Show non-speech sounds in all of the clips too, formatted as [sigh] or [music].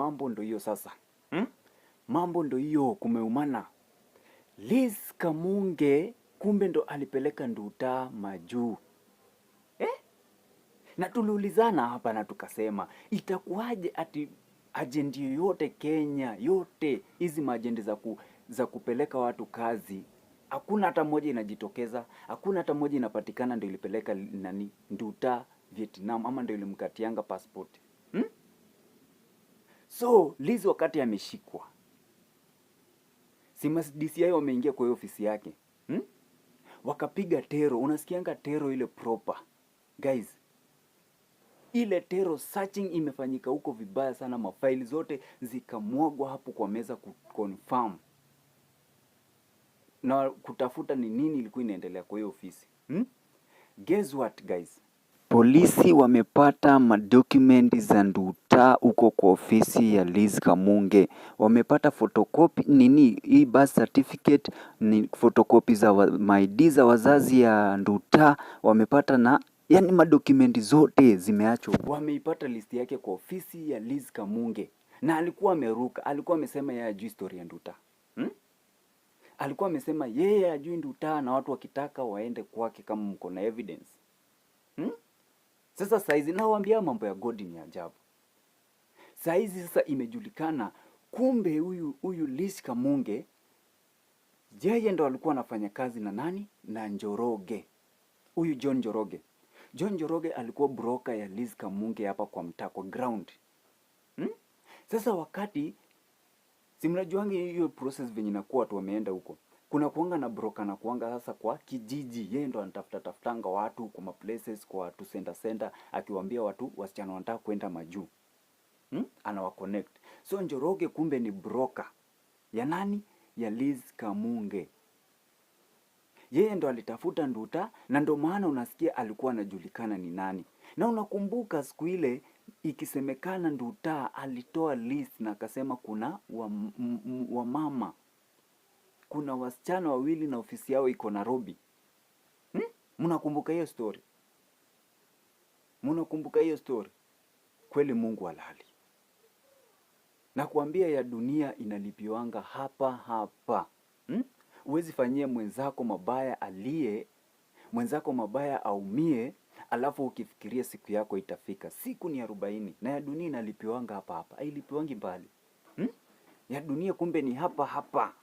mambo ndo hiyo sasa hmm? Mambo ndo hiyo kumeumana. Liz Kamunge kumbe ndo alipeleka Nduta majuu eh? Na tuliulizana hapa na tukasema itakuwaje ati ajendi yoyote Kenya yote hizi majendi za, ku, za kupeleka watu kazi hakuna hata moja inajitokeza, hakuna hata moja inapatikana, ndio ilipeleka nani Nduta Vietnam, ama ndio ilimkatianga passport. So Liz wakati ameshikwa, sima DCI wameingia kwa hiyo ofisi yake hmm? Wakapiga tero, unasikianga tero ile proper guys, ile tero searching imefanyika huko vibaya sana, mafaili zote zikamwagwa hapo kwa meza kuconfirm na kutafuta ni nini ilikuwa inaendelea kwa hiyo ofisi hmm? Guess what guys Polisi wamepata madokumenti za Nduta huko kwa ofisi ya Liz Kamunge. Wamepata photocopy nini hii birth certificate ni photocopy za maidi za wazazi ya Nduta wamepata na yani madokumenti zote zimeachwa. Wameipata listi yake kwa ofisi ya Liz Kamunge na alikuwa ameruka, alikuwa amesema yeye ajui story ya Nduta hmm? Alikuwa amesema yeye ajui Nduta na watu wakitaka waende kwake kama mko na evidence sasa saizi nawaambia mambo ya God ni ajabu. Saizi sasa imejulikana kumbe huyu huyu Lisi Kamunge yeye ndo alikuwa anafanya kazi na nani? Na Njoroge. Huyu John Njoroge. John Njoroge alikuwa broker ya Lisi Kamunge hapa kwa mtaa kwa ground. Hmm? Sasa wakati si mnajuangi hiyo process venye nakuwa watu wameenda huko kuna kuanga na broker na kuanga sasa kwa kijiji, yeye ndo anatafuta tafutanga watu kwa ma places, kwa watu center center, akiwaambia watu wasichana wanataka kwenda majuu hmm? anawa connect. So Njoroge kumbe ni broker ya nani? Ya Liz Kamunge. Yeye ndo alitafuta Nduta, na ndo maana unasikia alikuwa anajulikana ni nani. Na unakumbuka siku ile ikisemekana Nduta alitoa list na akasema kuna wamama wa kuna wasichana wawili na ofisi yao iko Nairobi. Hmm? Mnakumbuka hiyo story? Mnakumbuka hiyo story? Kweli Mungu alali Na kuambia ya dunia inalipiwanga hapa hapa. Hmm? Uwezi fanyia mwenzako mabaya aliye mwenzako mabaya aumie, alafu ukifikiria siku yako itafika. Siku ni arobaini na ya dunia inalipiwanga hapa hapa, ailipiwangi mbali. Hmm? Ya dunia kumbe ni hapa hapa.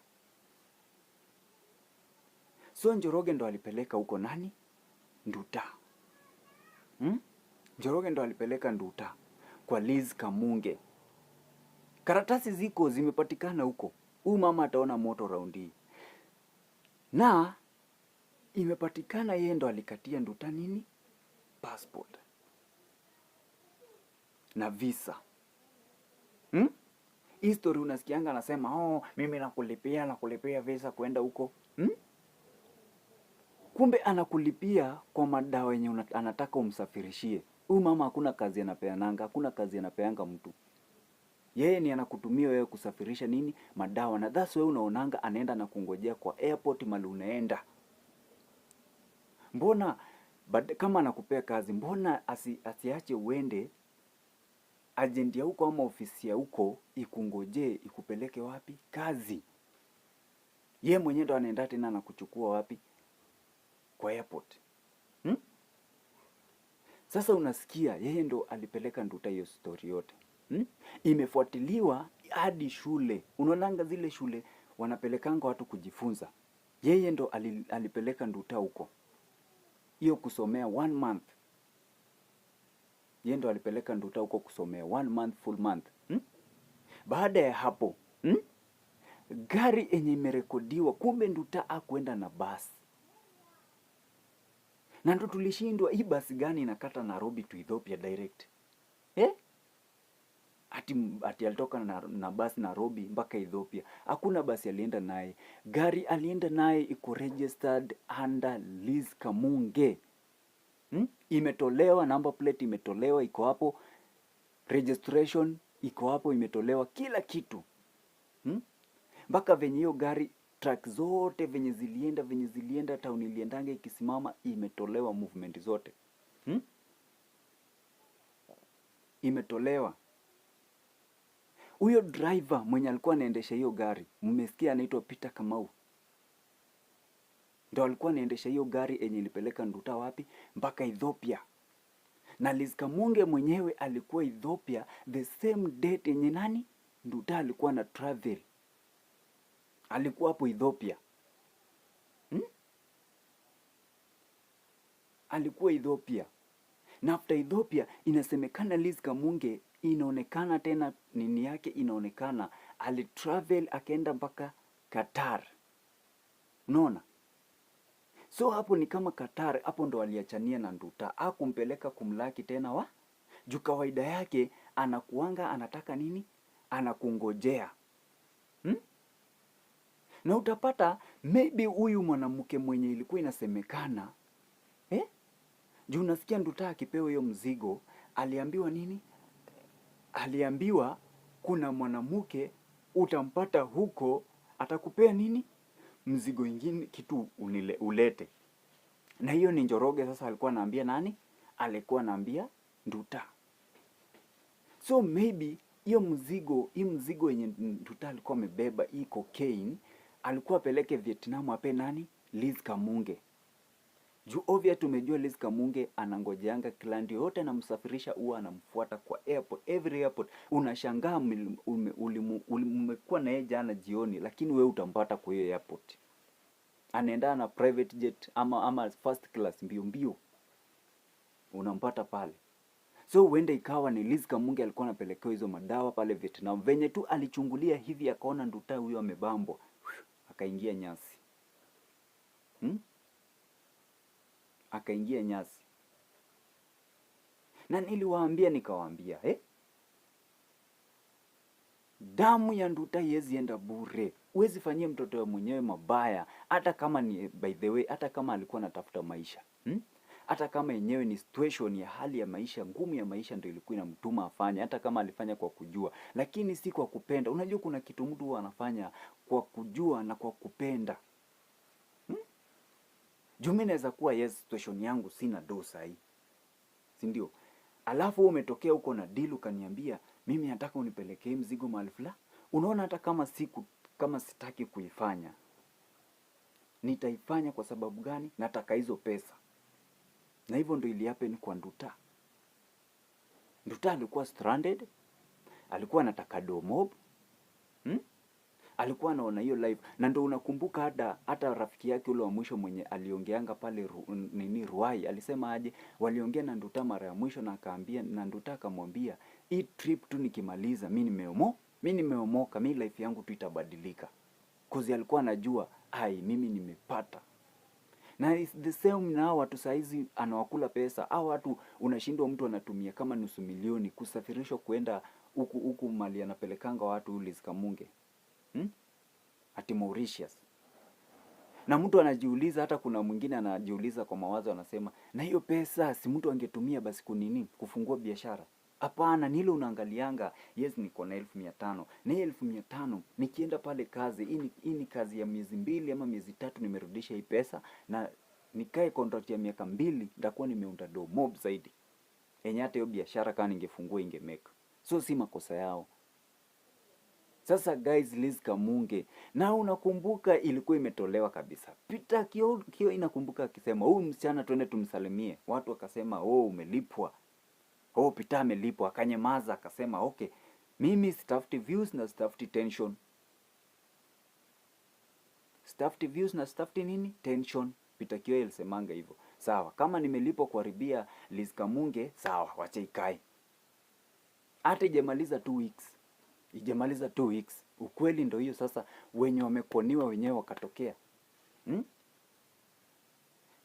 So Njoroge ndo alipeleka huko nani? Nduta. Hmm? Njoroge ndo alipeleka Nduta kwa Liz Kamunge. Karatasi ziko zimepatikana huko. Huyu mama ataona moto raundi Na imepatikana yeye ndo alikatia Nduta nini? Passport. Na visa. Hmm? History unasikianga anasema, "Oh, mimi nakulipia nakulipia visa kwenda huko." Hmm? kumbe anakulipia kwa madawa yenye anataka umsafirishie. Huyu mama hakuna kazi anapeananga, hakuna kazi anapeanga mtu, yeye ni anakutumia wewe kusafirisha nini madawa, na that's wewe unaonanga anaenda na kungojea kwa airport mali unaenda. Mbona bad, kama anakupea kazi mbona asi, asiache uende ajendi ya huko ama ofisi ya huko ikungojee ikupeleke wapi kazi? Ye mwenyewe ndo anaenda tena anakuchukua wapi? kwa airport hmm? Sasa unasikia yeye ndo alipeleka Nduta hiyo story yote hmm? Imefuatiliwa hadi shule. Unaonanga zile shule wanapelekanga watu kujifunza, yeye ndo alipeleka Nduta huko hiyo kusomea one month. Yeye ndo alipeleka Nduta huko kusomea one month, full month hmm? Baada ya hapo hmm? Gari yenye imerekodiwa, kumbe Nduta akwenda na basi na ndo tulishindwa. Hii basi gani inakata Nairobi to Ethiopia direct eh? Ati, ati alitoka na, na basi Nairobi mpaka Ethiopia. Hakuna basi alienda naye, gari alienda naye iko registered under Liz Kamunge hmm? Imetolewa number plate, imetolewa iko hapo, registration iko hapo, imetolewa kila kitu hmm? mpaka hmm? venye hiyo gari track zote venye zilienda venye zilienda town iliendanga ikisimama imetolewa movement zote hmm? imetolewa huyo driver mwenye alikuwa anaendesha hiyo gari mmesikia anaitwa Peter Kamau ndo alikuwa anaendesha hiyo gari enye ilipeleka Nduta wapi mpaka Ethiopia na Liz Kamunge mwenyewe alikuwa Ethiopia the same date yenye nani Nduta alikuwa na travel alikuwa hapo Ethiopia hmm? alikuwa Ethiopia na after Ethiopia inasemekana Liz Kamunge inaonekana tena nini yake inaonekana alitravel akaenda mpaka Qatar. Unaona? So hapo ni kama Qatar hapo ndo aliachania na Nduta. akumpeleka kumlaki tena wa? Juu kawaida yake anakuanga anataka nini? Anakungojea. Hmm? na utapata maybe huyu mwanamke mwenye ilikuwa inasemekana eh? juu nasikia Nduta akipewa hiyo mzigo aliambiwa nini? Aliambiwa kuna mwanamke utampata huko, atakupea nini mzigo ingine kitu unile, ulete. Na hiyo ni Njoroge. Sasa alikuwa anaambia nani? Alikuwa anaambia Nduta. So maybe hiyo mzigo hii mzigo yenye Nduta alikuwa amebeba hii cocaine alikuwa apeleke Vietnam ape nani? Liz Kamunge. Juu ovya tumejua Liz Kamunge anangojeanga client yote anamsafirisha huwa anamfuata kwa airport, every airport. Unashangaa umekuwa na yeye jana jioni, lakini we utampata kwa hiyo airport. Anaenda na private jet ama ama first class mbio mbio. Unampata pale. So huenda ikawa ni Liz Kamunge alikuwa anapelekewa hizo madawa pale Vietnam. Venye tu alichungulia hivi akaona Nduta huyo amebambwa akaingia nyasi hmm? akaingia nyasi na niliwaambia nikawaambia eh? damu ya nduta iwezi enda bure. Uwezi fanyia mtoto wa mwenyewe mabaya, hata kama ni by the way, hata kama alikuwa anatafuta maisha hmm? hata kama yenyewe ni situation ya hali ya maisha ngumu ya maisha ndio ilikuwa inamtuma afanye, hata kama alifanya kwa kujua, lakini si kwa kupenda. Unajua kuna kitu mtu anafanya kwa kujua na kwa kupenda hmm? Juu mimi naweza kuwa yes, situation yangu sina do sahi, si ndio? Alafu umetokea huko na deal ukaniambia mimi nataka unipelekee mzigo mahali fulani. Unaona, hata kama siku kama sitaki kuifanya nitaifanya kwa sababu gani? Nataka hizo pesa na hivyo ndo iliapen kwa Nduta. Nduta alikuwa stranded, alikuwa anataka do mob hmm? alikuwa anaona hiyo live na ndo unakumbuka hata hata rafiki yake ule wa mwisho mwenye aliongeanga pale ru, nini Ruai alisema aje, waliongea na Nduta mara ya mwisho na akaambia, na Nduta akamwambia hii trip tu nikimaliza mi nimeomo mimi nimeomoka mi life yangu tu itabadilika, cause alikuwa anajua ai, mimi nimepata na the same na watu saizi anawakula pesa au watu, unashindwa mtu anatumia kama nusu milioni kusafirishwa kwenda huku huku mali anapelekanga watu ulizikamunge zikamunge hmm? ati Mauritius na mtu anajiuliza, hata kuna mwingine anajiuliza kwa mawazo, anasema na hiyo pesa si mtu angetumia basi kunini kufungua biashara? Hapana, nilo unaangalianga, yes, niko na elfu mia tano na hii elfu mia tano nikienda pale kazi hii, ni kazi ya miezi mbili ama miezi tatu, nimerudisha hii pesa na nikae contract ya miaka mbili, nitakuwa nimeunda do mob zaidi yenye hata hiyo biashara kama ningefungua ingemeka. So si makosa yao. Sasa guys, Liz Kamunge na unakumbuka ilikuwa imetolewa kabisa. Peter Kio, Kio inakumbuka akisema huyu msichana twende tumsalimie, watu wakasema oh, umelipwa kwa oh, hiyo Peter amelipwa, akanyamaza, akasema okay, mimi sitafuti views na sitafuti tension, sitafuti views na sitafuti nini tension. Peter Kioi alisemanga hivyo. Sawa, kama nimelipwa kuharibia Liz Kamunge, sawa, wacha ikae. Hata ijamaliza 2 weeks, ijamaliza 2 weeks, ukweli ndio hiyo. Sasa wenye wamekoniwa wenyewe wakatokea, hmm?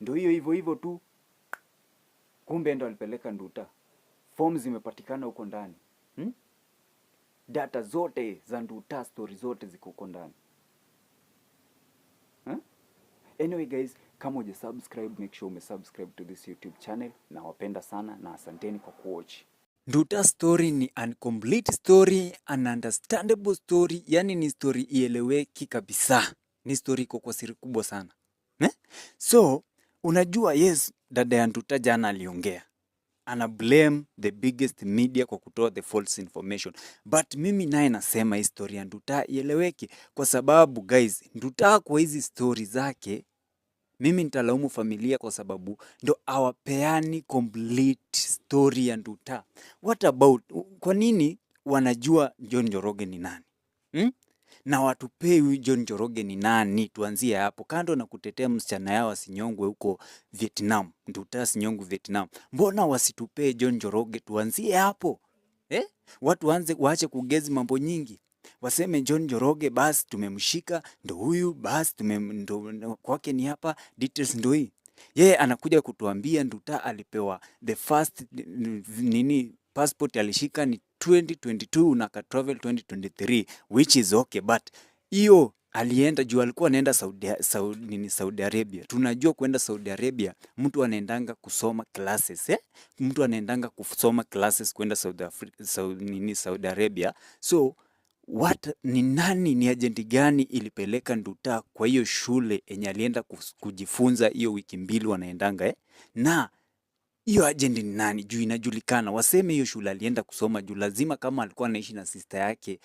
Ndio hiyo hivyo hivyo tu, kumbe ndo alipeleka Nduta fomu zimepatikana huko ndani hmm? data zote za Nduta story zote ziko huko ndani huh? Hmm? Anyway guys, kama uja subscribe make sure umesubscribe to this YouTube channel. Nawapenda sana na asanteni kwa kuwatch. Nduta story ni uncomplete story, an understandable story, yani ni story ieleweki kabisa, ni story iko kwa siri kubwa sana ne? Eh? So unajua, yes, dada ya Nduta jana aliongea ana blame the biggest media kwa kutoa the false information, but mimi naye nasema hii story ya Nduta ieleweke, kwa sababu guys, Nduta kwa hizi story zake mimi nitalaumu familia kwa sababu ndo awapeani complete story ya Nduta. What about, kwa nini wanajua John Njoroge ni nani hmm? na watupei huyu John Njoroge ni nani, tuanzie hapo. Kando na kutetea msichana yao asinyongwe huko Vietnam, Nduta asinyongwe Vietnam, mbona wasitupee John Njoroge? Tuanzie hapo eh? Watu waanze waache kugezi mambo nyingi waseme John Njoroge basi tumemshika, ndo huyu basi tume, ndo kwake ni hapa details, ndo hii yeye anakuja kutuambia Nduta alipewa the first nini passport alishika ni 2022 na akatravel 2023 which is okay, but hiyo alienda juu alikuwa anaenda Saudi, Saudi, nini, Saudi Arabia. Tunajua kuenda Saudi Arabia mtu anaendanga kusoma classes eh? Mtu anaendanga kusoma classes kuenda Saudi, Africa, Saudi, nini, Saudi Arabia so What, ni nani ni ajenti gani ilipeleka Nduta kwa hiyo shule enye alienda kujifunza hiyo wiki mbili wanaendanga eh? na hiyo ajendi ni nani? Juu inajulikana, waseme hiyo shule alienda kusoma juu lazima, kama alikuwa anaishi na sister yake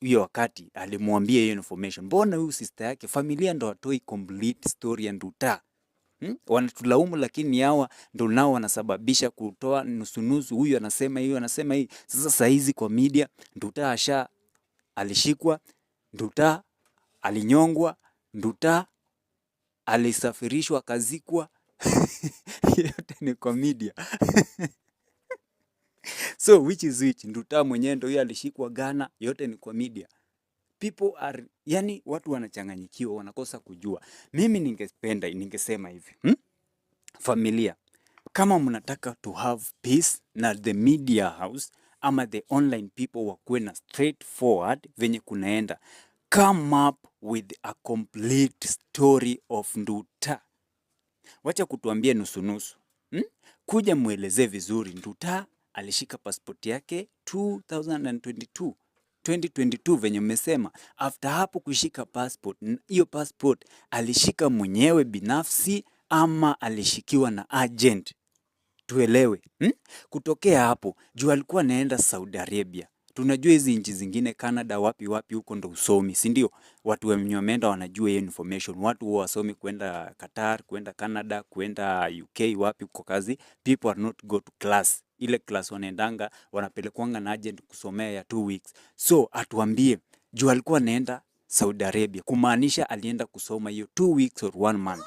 hiyo wakati alimwambia hiyo information. Mbona huyu sister yake familia ndo atoi complete story and uta hmm? Wanatulaumu, lakini hawa ndo nao wanasababisha kutoa nusunusu, huyu anasema hiyo anasema hii. Sasa saizi kwa media nduta asha alishikwa, nduta alinyongwa, nduta alisafirishwa akazikwa [laughs] yote ni komedia [laughs] so which is which? Nduta mwenyewe ndio alishikwa Ghana, yote ni komedia. People are yani, watu wanachanganyikiwa, wanakosa kujua. Mimi ningependa ningesema hivi hmm? Familia, kama mnataka to have peace na the media house ama the online people wakuwe na straightforward venye kunaenda, come up with a complete story of Nduta Wacha kutuambie nusunusu hmm? Kuja mwelezee vizuri. Nduta alishika pasipoti yake 2022 2022 venye mmesema. After hapo kushika passport, hiyo passport alishika mwenyewe binafsi ama alishikiwa na agent? Tuelewe hmm? Kutokea hapo juu alikuwa anaenda Saudi Arabia Tunajua hizi nchi zingine Canada, wapi wapi huko ndo usomi, si ndio? Watu wenye wameenda wanajua hiyo information. Watu wao wasomi kwenda Qatar, kwenda Canada, kwenda UK, wapi huko kazi, people are not go to class. Ile class wanaendanga wanapelekwanga na agent kusomea ya two weeks. So atuambie juu alikuwa anaenda Saudi Arabia, kumaanisha alienda kusoma hiyo two weeks or one month.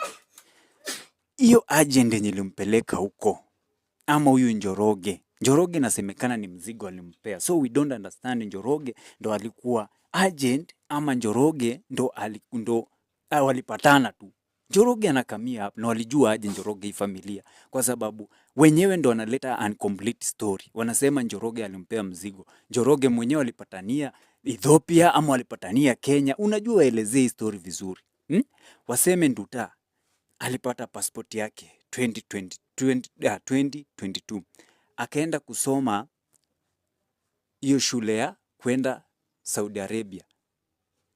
Hiyo agent yenye limpeleka huko ama huyu Njoroge Njoroge inasemekana ni mzigo alimpea, so we don't understand. Njoroge ndo alikuwa agent ama Njoroge ndo, ndo walipatana tu. Njoroge anakamia na walijua aje Njoroge hii familia, kwa sababu wenyewe ndo wanaleta incomplete story. Wanasema Njoroge alimpea mzigo. Njoroge mwenyewe alipatania Ethiopia ama walipatania Kenya, unajua waelezee hii story vizuri hmm? Waseme Nduta alipata passport yake 2020, 20, uh, 2022 akaenda kusoma hiyo shule ya kwenda Saudi Arabia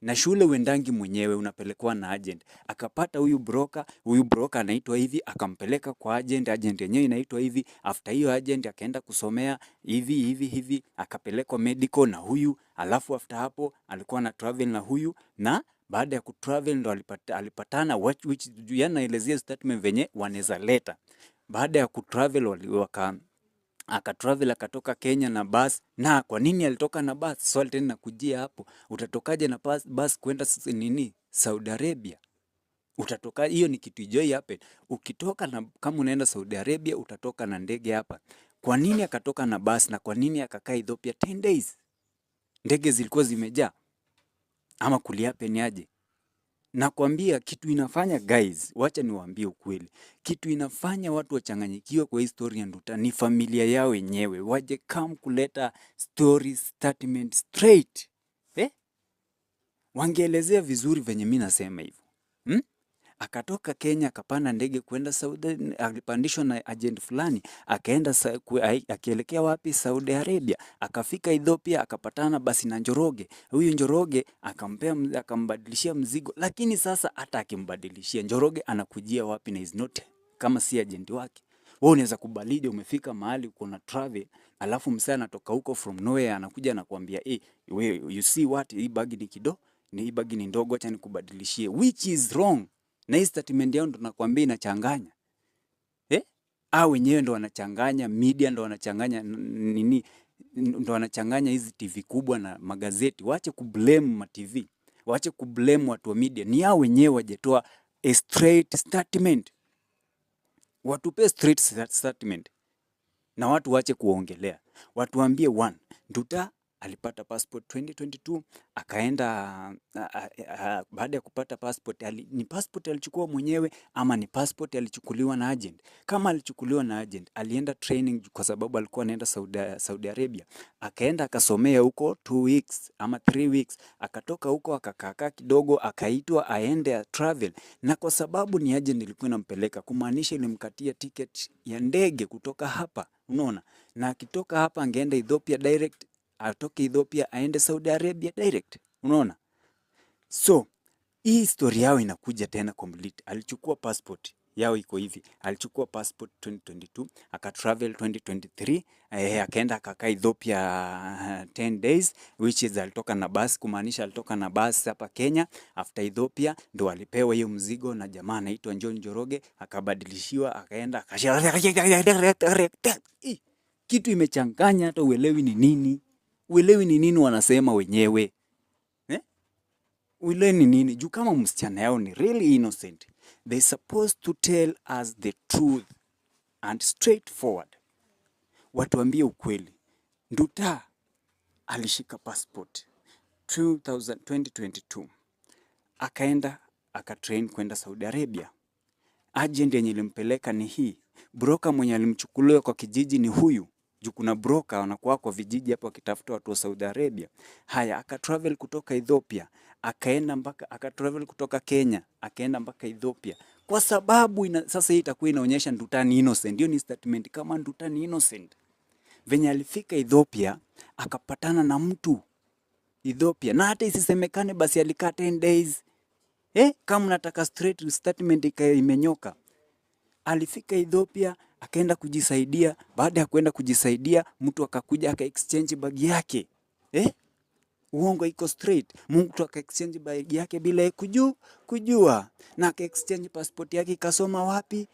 na shule uendangi mwenyewe, unapelekwa na agent. Akapata huyu broker, huyu broker anaitwa hivi, akampeleka kwa agent, agent yenyewe inaitwa hivi. After hiyo agent akaenda kusomea hivi hivi hivi, akapelekwa medical na huyu, alafu after hapo alikuwa na travel na huyu, na baada ya kutravel ndo alipata, alipatana which, which yanaelezea yaani statement venye wanaweza leta baada ya kutravel waka akatravel akatoka Kenya na bus. Na kwa nini alitoka na bus? Swali tena nakujia hapo, utatokaje na bus kwenda nini Saudi Arabia? Utatoka hiyo ni kitu ijoi hapa. Ukitoka na kama unaenda Saudi Arabia utatoka na ndege hapa. Kwa nini akatoka na bus na kwa nini akakaa Ethiopia 10 days? Ndege zilikuwa zimejaa ama kuliape ni aje? Nakwambia kitu inafanya guys, wacha niwaambie ukweli, kitu inafanya watu wachanganyikiwe kwa hii story ya Nduta ni familia yao wenyewe, waje come kuleta story statement straight eh? Wangeelezea vizuri venye mi nasema hivyo hmm? akatoka Kenya akapanda ndege kwenda Saudi, alipandishwa na agent fulani akaenda akielekea wapi? Saudi Arabia. Akafika Ethiopia akapatana basi na Njoroge. Huyu Njoroge akampea akambadilishia mzigo, lakini sasa hata akimbadilishia Njoroge anakujia wapi na is not kama si agent wake? Wewe unaweza kubalije? Umefika mahali uko na travel, alafu msana anatoka huko from nowhere anakuja anakuambia eh hey, you see what hii bagi ni kido ni hii bagi ni ndogo, acha nikubadilishie, which is wrong. Na hii statement yao ndo nakwambia inachanganya eh? Au wenyewe ndo wanachanganya, media ndo wanachanganya nini, ndo wanachanganya hizi TV kubwa na magazeti. Waache blame ma TV, waache blame watu wa media, ni yao wenyewe wajetoa a straight statement, watupe straight statement na watu waache kuongelea, watuambie one nduta alipata passport 2022 akaenda. Baada ya kupata passport ali, ni passport alichukua mwenyewe ama ni passport alichukuliwa na agent? Kama alichukuliwa na agent, alienda training kwa sababu alikuwa anaenda Saudi, Saudi Arabia, akaenda akasomea huko 2 weeks ama 3 weeks, akatoka huko akakaa kidogo, akaitwa aende travel, na kwa sababu ni agent ilikuwa inampeleka, kumaanisha ilimkatia ticket ya ndege kutoka hapa, unaona, na akitoka hapa angeenda Ethiopia direct atoke Ethiopia aende Saudi Arabia direct, unaona. So hii story yao inakuja tena complete. Alichukua passport yao iko hivi, alichukua passport 2022 aka travel 2023, eh, akaenda akakaa Ethiopia 10 eh, days which is alitoka na bus, kumaanisha alitoka na bus hapa Kenya. After Ethiopia ndo alipewa hiyo mzigo na jamaa anaitwa John Joroge, akabadilishiwa akaenda akashia kitu imechanganya, hata uelewi ni nini uelewi ni nini wanasema wenyewe eh? Uelewi ni nini juu kama msichana yao ni really innocent, they supposed to tell us the truth and straightforward, watuambie ukweli. Nduta alishika passport 2022 akaenda akatrain kwenda Saudi Arabia. Agent yenye ilimpeleka ni hii, broker mwenye alimchukuliwa kwa kijiji ni huyu juu kuna broker wanakuwa kwa vijiji hapo wakitafuta watu wa Saudi Arabia. Haya, aka travel kutoka Ethiopia akaenda mpaka aka travel kutoka Kenya akaenda mpaka Ethiopia kwa sababu ina, sasa hii itakuwa inaonyesha Ndutani innocent. Hiyo ni statement kama Ndutani innocent venye alifika Ethiopia akapatana na mtu Ethiopia, na hata isisemekane basi alikaa 10 days eh, kama nataka straight statement ikae imenyoka, alifika Ethiopia akaenda kujisaidia. Baada ya kwenda kujisaidia, mtu akakuja aka exchange bag yake eh? Uongo iko straight. Mtu aka exchange bag yake bila kujua, kujua na aka exchange passport yake ikasoma wapi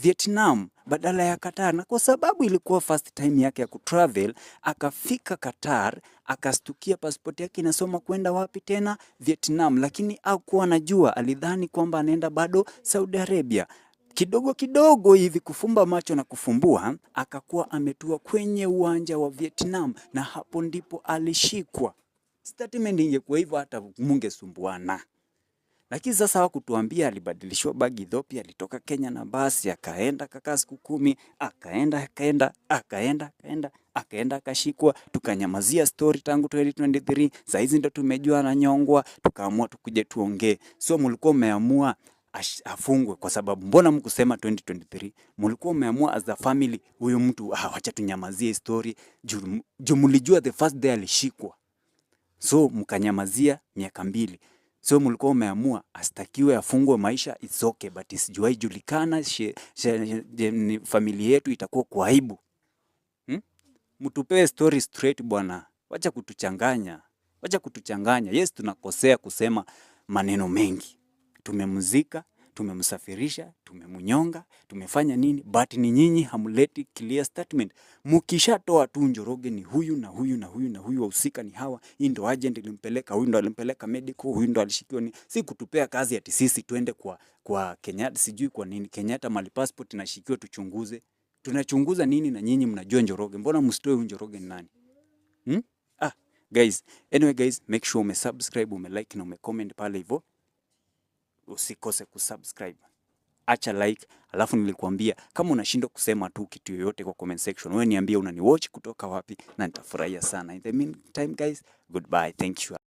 Vietnam badala ya Qatar, na kwa sababu ilikuwa first time yake ya kutravel, akafika Qatar akastukia pasipoti yake inasoma kwenda wapi tena? Vietnam, lakini hakuwa anajua, alidhani kwamba anaenda bado Saudi Arabia. Kidogo kidogo hivi kufumba macho na kufumbua, akakuwa ametua kwenye uwanja wa Vietnam, na hapo ndipo alishikwa. Statement ingekuwa hivyo hata mungesumbuana, lakini sasa hawakutuambia alibadilishwa bagi Ethiopia, alitoka Kenya na basi akaenda kakaa siku kumi, akaenda akaenda akaenda akaenda akaenda akashikwa, tukanyamazia story tangu 2023 saa hizi ndo tumejua ananyongwa, tukaamua tukuje tuongee. Sio mlikuwa mmeamua afungwe kwa sababu mbona mkusema 2023 mlikuwa umeamua as a family huyu mtu ah, tunyamazie story juu mlijua the first day alishikwa, so mkanyamazia miaka mbili. So mlikuwa umeamua astakiwe afungwe maisha, it's okay, but isijuwai julikana familia yetu itakuwa kwa aibu. Hmm? Mtupewe story straight bwana, wacha kutuchanganya, wacha kutuchanganya. Yes, tunakosea kusema maneno mengi tumemzika, tumemsafirisha, tumemnyonga, tumefanya nini, but ni nyinyi hamleti clear statement. Mkishatoa tu Njoroge ni huyu na huyu na huyu na huyu, wahusika ni hawa, hii ndo agent ilimpeleka, huyu ndo alimpeleka medical, huyu ndo alishikiwa, ni si kutupea kazi ati sisi twende kwa kwa Kenyatta, sijui kwa nini Kenyatta mali passport inashikiwa, tuchunguze. Tunachunguza nini na nyinyi mnajua Njoroge? Mbona msitoe huyu Njoroge ni nani? Hmm? Ah, guys, anyway guys, make sure umesubscribe, umelike na umecomment pale hivyo usikose kusubscribe, acha like. Alafu nilikuambia kama unashindwa kusema tu kitu yoyote kwa comment section, wewe niambie unaniwatch kutoka wapi, na nitafurahia sana. In the meantime guys, goodbye, thank you.